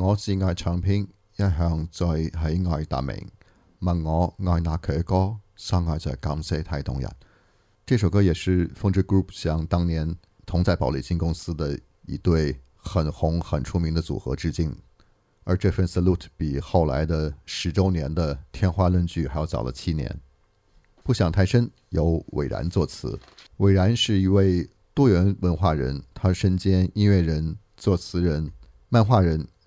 我最愛唱片一向最喜愛達明，問我愛哪個歌，生愛就感謝太動人。這首歌也是風之 group 向當年同在寶麗金公司的一對很紅很出名的組合致敬，而這份 salute 比後來的十周年的天花論據還要早了七年。不想太深，由韋然作詞。韋然是一位多元文化人，他身兼音樂人、作詞人、漫畫人。